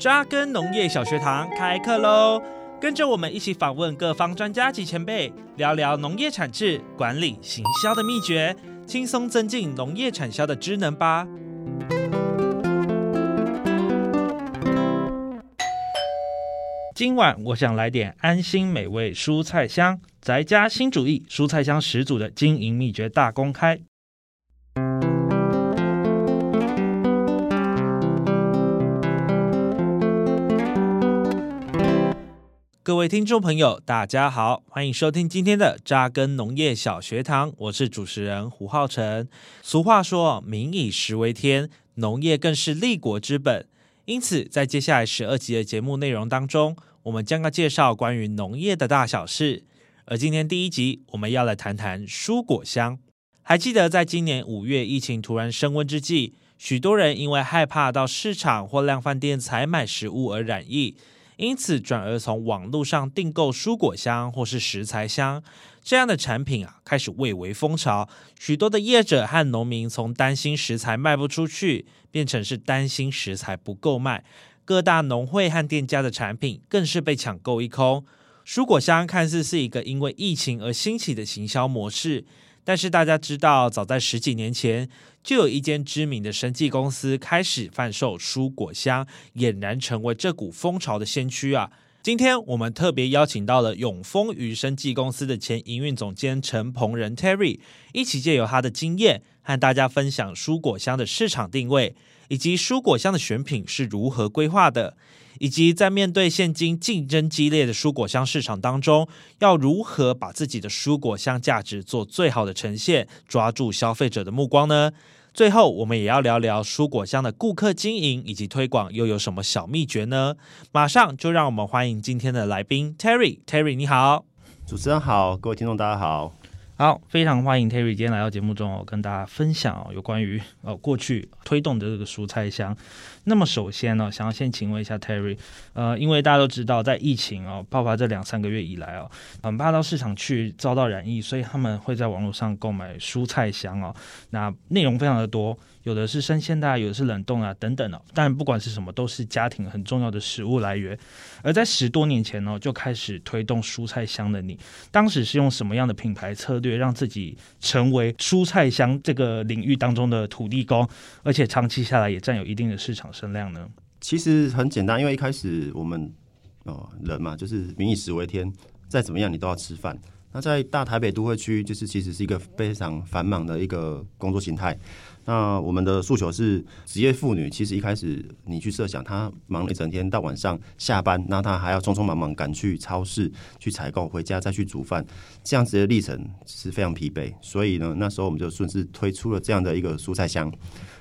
扎根農業小學堂開課嘍！跟着我們一起訪問各方專家及前輩，聊聊農業產製、管理、行銷的祕訣，輕鬆增進農業產銷的知能吧。今晚我想來點安心美味蔬果箱，宅家新煮藝蔬果箱始祖的經營祕訣大公開。各位聽眾朋友，大家好，歡迎收聽今天的扎根農業小學堂，我是主持人胡浩辰。俗話說“民以食為天”，農業更是立國之本。因此，在接下來十二集的節目內容當中，我們將要介紹關於農業的大小事。而今天第一集，我們要來談談蔬果箱。還記得在今年五月疫情突然升溫之際，許多人因為害怕到市場或量販店採買食物而染疫。因此，轉而從網絡上訂購蔬果箱或是食材箱這樣的產品啊，開始蔚為風潮。許多的業者和農民從擔心食材賣不出去，變成是擔心食材不夠賣。各大農會和店家的產品更是被搶購一空。蔬果箱看似是一個因為疫情而興起的行銷模式。但是大家知道，早在十幾年前，就有一間知名的生技公司開始販售蔬果箱，儼然成為這股風潮的先驅啊！今天我們特別邀請到了永豐餘生技公司的前營運總監陳鵬仁 （Terry） 一起借由他的經驗，和大家分享蔬果箱的市場定位，以及蔬果箱的選品是如何規劃的。以及在面對現今競爭激烈的蔬果箱市場當中，要如何把自己的蔬果箱價值做最好的呈現，抓住消費者的目光呢？最後，我們也要聊聊蔬果箱的顧客經營以及推廣又有什麼小祕訣呢？馬上就讓我們歡迎今天的來賓 Terry。Terry，你好。主持人好，各位聽眾大家好。好，非常歡迎 Terry 今天來到節目中哦，我跟大家分享哦，有關於呃，哦，過去推動的這個蔬菜箱。那麼首先呢、哦，想要先請問一下 Terry，呃，因為大家都知道，在疫情哦爆發這兩三個月以來哦，很怕到市場去遭到染疫，所以他們會在網絡上購買蔬菜箱哦。那內容非常的多，有的是生鮮的，有的是冷凍啊等等哦。但不管是什麼，都是家庭很重要的食物來源。而在十多年前呢、哦，就開始推動蔬菜箱的你，當時是用什麼樣的品牌策略，讓自己成為蔬菜箱這個領域當中的土地公，而且長期下來也占有一定的市場。聲量呢？其實很簡單，因為一開始我們哦人嘛，就是民以食為天，再怎麼樣你都要吃飯。那在大台北都會區，就是其實是一個非常繁忙的一個工作形態。那我們的訴求是，職業婦女其實一開始你去設想，她忙了一整天到晚上下班，那她還要匆匆忙忙趕去超市去採購，回家再去煮飯，這樣子的歷程是非常疲憊。所以呢，那時候我們就順勢推出了這樣的一個蔬菜箱。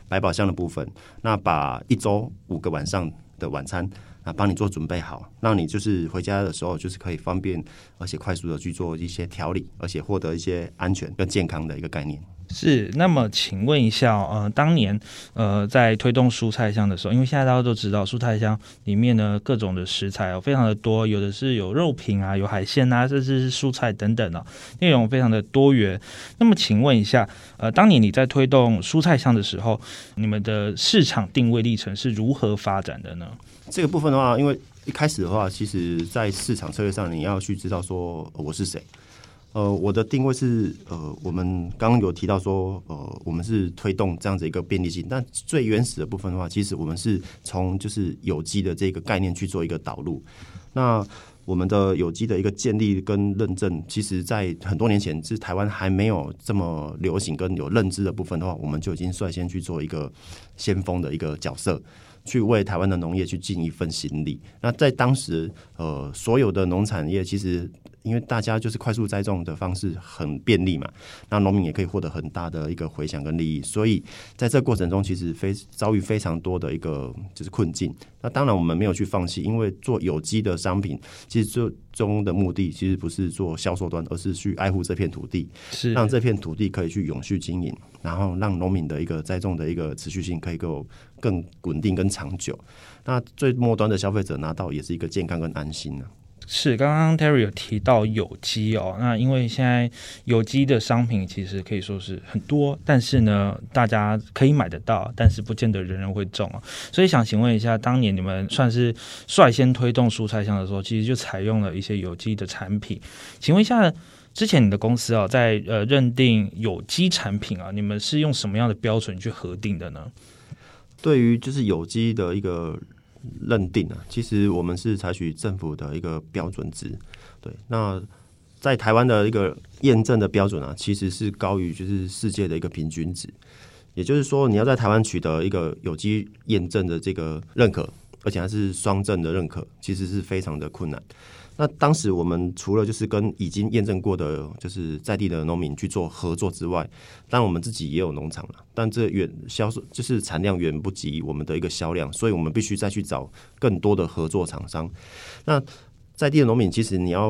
百寶箱的部分，那把一周五個晚上的晚餐啊，幫你做準備好，讓你就是回家的時候就是可以方便而且快速的去做一些調理，而且獲得一些安全跟健康的一個概念。是，那麼請問一下，呃，當年呃在推動蔬菜箱的時候，因為現在大家都知道，蔬菜箱裡面呢各種的食材哦非常的多，有的是有肉品啊，有海鮮啊，甚至是蔬菜等等啊，內容非常的多元。那麼請問一下，呃，當年你在推動蔬菜箱的時候，你們的市場定位歷程是如何發展的呢？這個部分的話，因為一開始的話，其實在市場策略上，你要去知道說我是誰。呃，我的定位是，呃，我們剛剛有提到說，呃，我們是推動這樣子一個便利性，但最原始的部分的話，其實我們是從就是有機的這個概念去做一個導入。那我們的有機的一個建立跟認證，其實在很多年前，是台灣還沒有這麼流行跟有認知的部分的話，我們就已經率先去做一個先鋒的一個角色，去為台灣的農業去盡一份心力。那在當時，呃，所有的農產業其實因為大家就是快速栽種的方式很便利嘛，那農民也可以獲得很大的一個回響跟利益。所以在這個過程中，其實非遭遇非常多的一個就是困境。那當然我們沒有去放棄，因為做有機的商品其實就中的目的其實不是做銷售端，而是去愛護這片土地，是讓這片土地可以去永續經營，然後讓農民的一個栽種的一個持續性可以夠更穩定跟長久。那最末端的消費者拿到也是一個健康跟安心呢、啊。是，剛剛 Terry 有提到有機哦，那因為現在有機的商品其實可以說是很多，但是呢，大家可以買得到，但是不見得人人會種啊。所以想請問一下，當年你們算是率先推動蔬菜箱的時候，其實就採用了一些有機的產品。請問一下，之前你的公司啊、哦，在呃認定有機產品啊，你們是用什麼樣的標準去核定的呢？對於就是有機的一個。認定啊，其實我們是採取政府的一個標準值，對。那在台灣的一個驗證的標準啊，其實是高於就是世界的一個平均值，也就是說，你要在台灣取得一個有機驗證的這個認可，而且還是雙證的認可，其實是非常的困難。那當時我們除了就是跟已經驗證過的，就是在地的農民去做合作之外，當然我們自己也有農場了，但這遠銷售就是產量遠不及我們的一個銷量，所以我們必須再去找更多的合作廠商。那在地的農民其實你要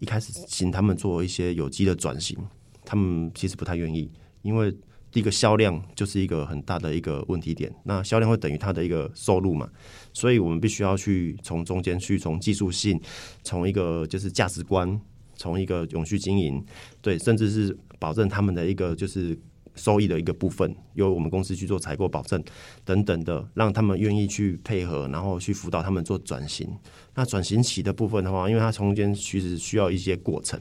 一開始請他們做一些有機的轉型，他們其實不太願意，因為。第一個銷量就是一個很大的一個問題點，那銷量會等於它的一個收入嘛，所以我們必須要去從中間去從技術性，從一個就是價值觀，從一個永續經營，對，甚至是保證他們的一個就是收益的一個部分，由我們公司去做採購保證等等的，讓他們願意去配合，然後去輔導他們做轉型。那轉型期的部分的話，因為它中間其實需要一些過程。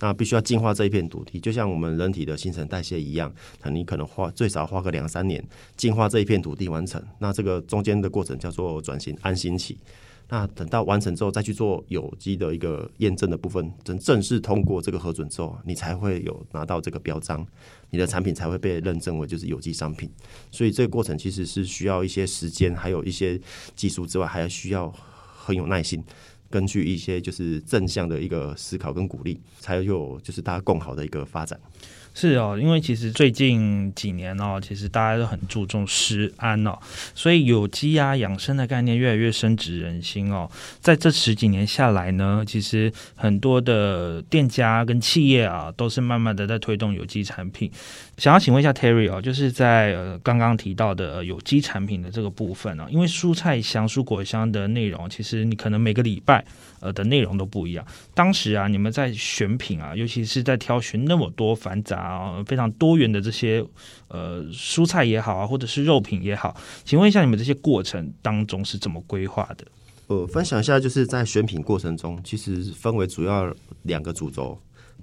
那必須要淨化這一片土地，就像我們人體的新陳代謝一樣。那你可能花最少花個兩三年，淨化這一片土地完成。那這個中間的過程叫做轉型安心期。那等到完成之後，再去做有機的一個驗證的部分，等正式通過這個核准之後，你才會有拿到這個標章，你的產品才會被認證為就是有機商品。所以這個過程其實是需要一些時間，還有一些技術之外，還需要很有耐心。根據一些就是正向的一個思考，跟鼓勵，才有就是大家共好的一個發展。是哦，因為其實最近幾年哦，其實大家都很注重食安哦，所以有機啊養生的概念越來越深植人心哦。在這十幾年下來呢，其實很多的店家跟企業啊，都是慢慢的在推動有機產品。想要請問一下 Terry 哦，就是在、呃、剛剛提到的、呃、有機產品的這個部分呢、啊，因為蔬菜箱、蔬果箱的內容，其實你可能每個禮拜。呃的內容都不一樣。當時啊，你們在選品啊，尤其是在挑選那麼多繁雜啊，非常多元的這些呃蔬菜，也好啊，或者是肉品也好，請問一下你們這些過程當中是怎麼規劃的？呃，分享一下，就是在選品過程中，其實分為主要兩個主軸。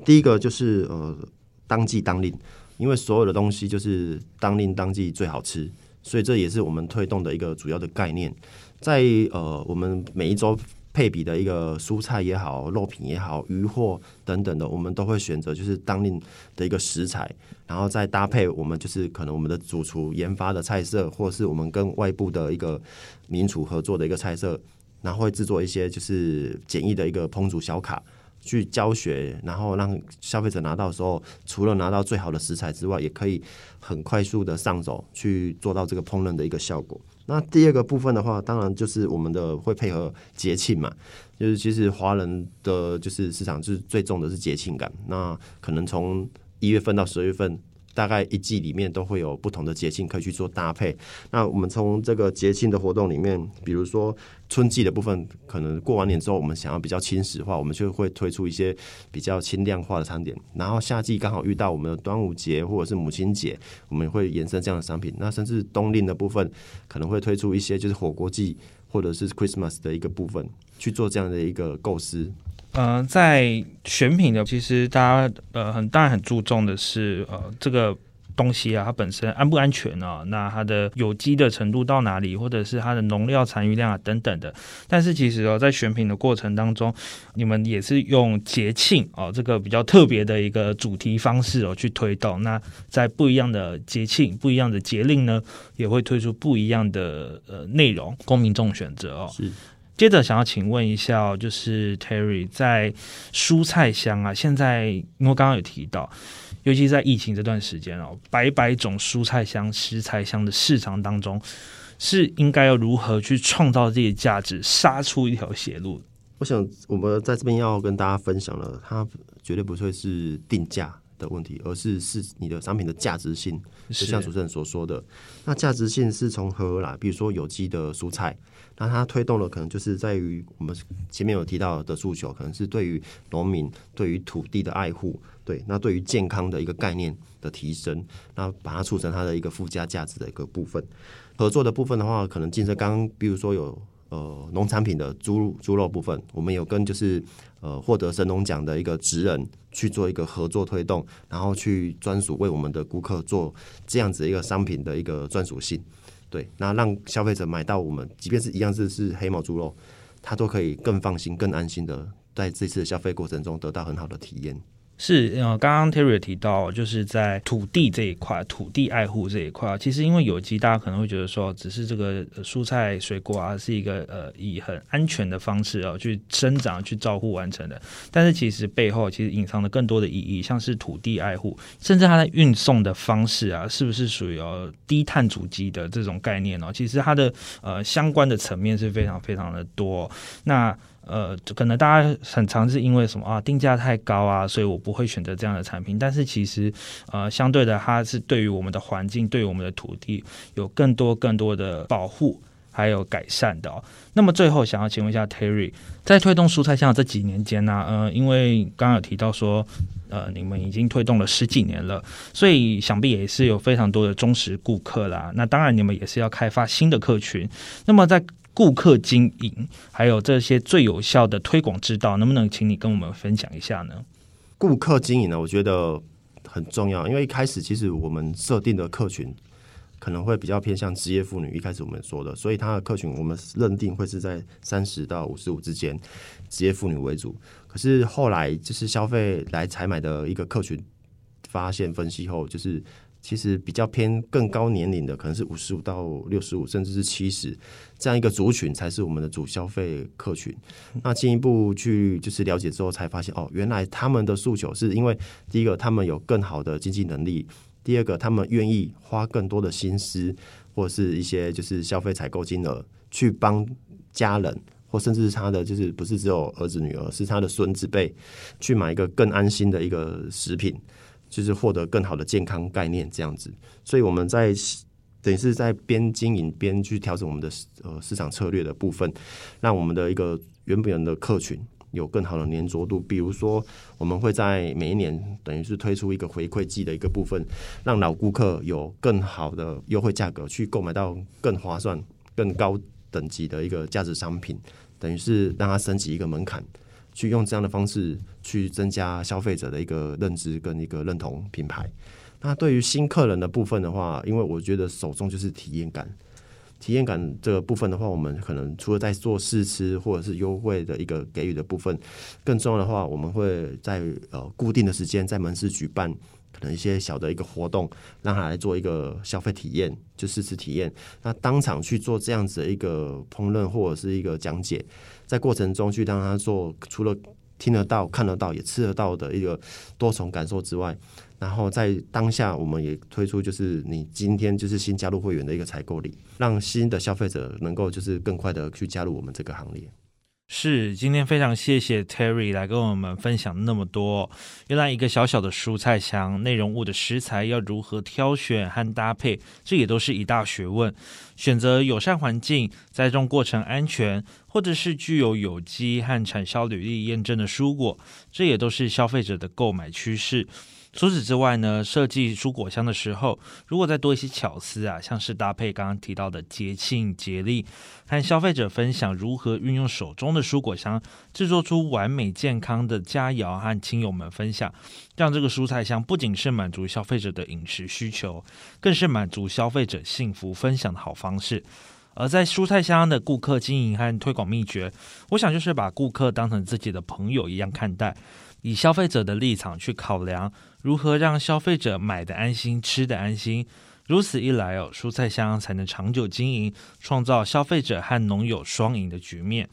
第一個就是呃當季當令，因為所有的東西就是當令當季最好吃，所以這也是我們推動的一個主要的概念。在呃我們每一周配比的一個蔬菜也好，肉品也好，魚貨等等的，我們都會選擇就是當令的一個食材，然後再搭配我們就是可能我們的主廚研發的菜色，或是我們跟外部的一個名廚合作的一個菜色，然後會製作一些就是簡易的一個烹煮小卡去教學，然後讓消費者拿到的時候，除了拿到最好的食材之外，也可以很快速的上手去做到這個烹飪的一個效果。那第二個部分的話，當然就是我們的會配合節慶嘛，就是其實華人的就是市場是最重的是節慶感，那可能從一月份到十月份。大概一季裡面都會有不同的節慶可以去做搭配。那我們從這個節慶的活動裡面，比如說春季的部分，可能過完年之後，我們想要比較輕食化，我們就會推出一些比較輕量化的餐點。然後夏季剛好遇到我們的端午節或者是母親節，我們會延伸這樣的商品。那甚至冬令的部分，可能會推出一些就是火鍋季或者是 Christmas 的一個部分去做這樣的一個構思。呃，在選品的，其實大家呃很當然很注重的是呃這個東西啊，它本身安不安全啊？哦，那它的有機的程度到哪裡，或者是它的農藥殘餘量啊等等的。但是其實哦，在選品的過程當中，你們也是用節慶哦這個比較特別的一個主題方式哦去推動。那在不一樣的節慶、不一樣的節令呢，也會推出不一樣的呃內容，供民眾選擇哦。是。接着想要請問一下，就是 Terry，在蔬菜香啊，現在因為剛剛有提到，尤其在疫情這段時間哦、喔，百百種蔬菜香、食材香的市場當中，是應該要如何去創造這些價值，殺出一條血路？我想我們在這邊要跟大家分享了，它絕對不會是定價的問題，而是是你的商品的價值性，是像主持人所說的，是那價值性是從何來？比如說有機的蔬菜。那它推動的可能就是在於我們前面有提到的訴求，可能是對於農民對於土地的愛護，對，那對於健康的一個概念的提升，那把它促成它的一個附加價值的一個部分。合作的部分的話，可能競爭剛剛，比如說有呃農產品的豬豬肉部分，我們有跟就是呃獲得神農獎的一個職人去做一個合作推動，然後去專屬為我們的顧客做這樣子一個商品的一個專屬性。對，那讓消費者買到我們，即便是一樣是是黑毛豬肉，他都可以更放心、更安心的在這次的消費過程中得到很好的體驗。是，呃，剛剛 Terry 提到，就是在土地這一塊，土地愛護這一塊，其實因為有機，大家可能會覺得說，只是這個蔬菜水果啊，是一個呃以很安全的方式啊去生長、去照護完成的。但是其實背後其實隱藏的更多的意義，像是土地愛護，甚至它的運送的方式啊，是不是屬於低碳足迹的這種概念哦？其實它的呃相關的層面是非常非常的多。那呃，就可能大家很常是因為什麼啊，定價太高啊，所以我不會選擇這樣的產品。但是其實，呃，相對的，它是對於我們的環境、對我們的土地有更多、更多的保護還有改善的、哦。那麼最後，想要請問一下 Terry，在推動蔬菜箱這幾年間呢、啊？呃，因為剛剛有提到說，呃，你們已經推動了十幾年了，所以想必也是有非常多的忠實顧客啦。那當然，你們也是要開發新的客群。那麼在顧客經營還有這些最有效的推廣之道，能不能請你跟我們分享一下呢？顧客經營呢，我覺得很重要，因為一開始其實我們設定的客群可能會比較偏向職業婦女。一開始我們說的，所以它的客群我們認定會是在三十到五十五之間，職業婦女為主。可是後來就是消費來採買的一個客群，發現分析後就是。其實比較偏更高年齡的，可能是五十五到六十五，甚至是七十這樣一個族群，才是我們的主消費客群。那進一步去就是了解之後，才發現哦，原來他們的訴求是因為第一個，他們有更好的經濟能力；第二個，他們願意花更多的心思，或者是一些就是消費採購金額，去幫家人，或甚至是他的就是不是只有兒子女兒，是他的孫子輩去買一個更安心的一個食品。就是獲得更好的健康概念這樣子，所以我們在等於是在邊經營邊去調整我們的呃市場策略的部分，讓我們的一個原本的客群有更好的粘着度。比如說，我們會在每一年等於是推出一個回饋季的一個部分，讓老顧客有更好的優惠價格去購買到更划算、更高等級的一個價值商品，等於是讓他升級一個門檻。去用這樣的方式去增加消費者的一個認知跟一個認同品牌。那對於新客人的部分的話，因為我覺得首重就是體驗感。體驗感這個部分的話，我們可能除了在做試吃或者是優惠的一個給予的部分，更重要的話，我們會在呃固定的時間在門市舉辦。可能一些小的一個活動，讓他來做一個消費體驗，就是、試吃體驗。那當場去做這樣子的一個烹飪或者是一個講解，在過程中去讓他做，除了聽得到、看得到、也吃得到的一個多重感受之外，然後在當下我們也推出，就是你今天就是新加入會員的一個採購禮，讓新的消費者能夠就是更快的去加入我們這個行列。是，今天非常謝謝 Terry 來跟我們分享那麼多。原來一個小小的蔬菜箱，內容物的食材要如何挑選和搭配，這也都是一大學問。選擇友善環境，栽種過程安全。或者是具有有機和產銷履歷驗證的蔬果，這也都是消費者的購買趨勢。除此之外呢，設計蔬果箱的時候，如果再多一些巧思啊，像是搭配剛剛提到的節慶節令，和消費者分享如何運用手中的蔬果箱，制作出完美健康的佳餚，和親友們分享，讓這個蔬菜箱不僅是滿足消費者的飲食需求，更是滿足消費者幸福分享的好方式。而在蔬菜箱的顧客經營和推廣祕訣，我想就是把顧客當成自己的朋友一樣看待，以消費者的立場去考量，如何讓消費者買的安心、吃的安心。如此一來哦，蔬菜箱才能長久經營，創造消費者和農友雙贏的局面。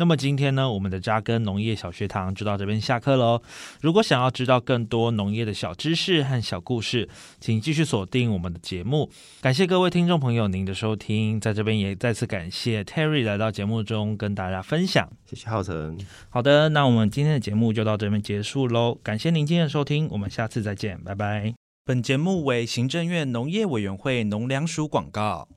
那麼今天呢，我們的扎根農業小學堂就到這邊下課嘍。如果想要知道更多農業的小知識和小故事，請繼續鎖定我們的節目。感謝各位聽眾朋友您的收聽，在這邊也再次感謝 Terry 來到節目中跟大家分享。謝謝浩辰。好的，那我們今天的節目就到這邊結束嘍。感謝您今天的收聽，我們下次再見，拜拜。本節目為行政院農業委員會農糧署廣告。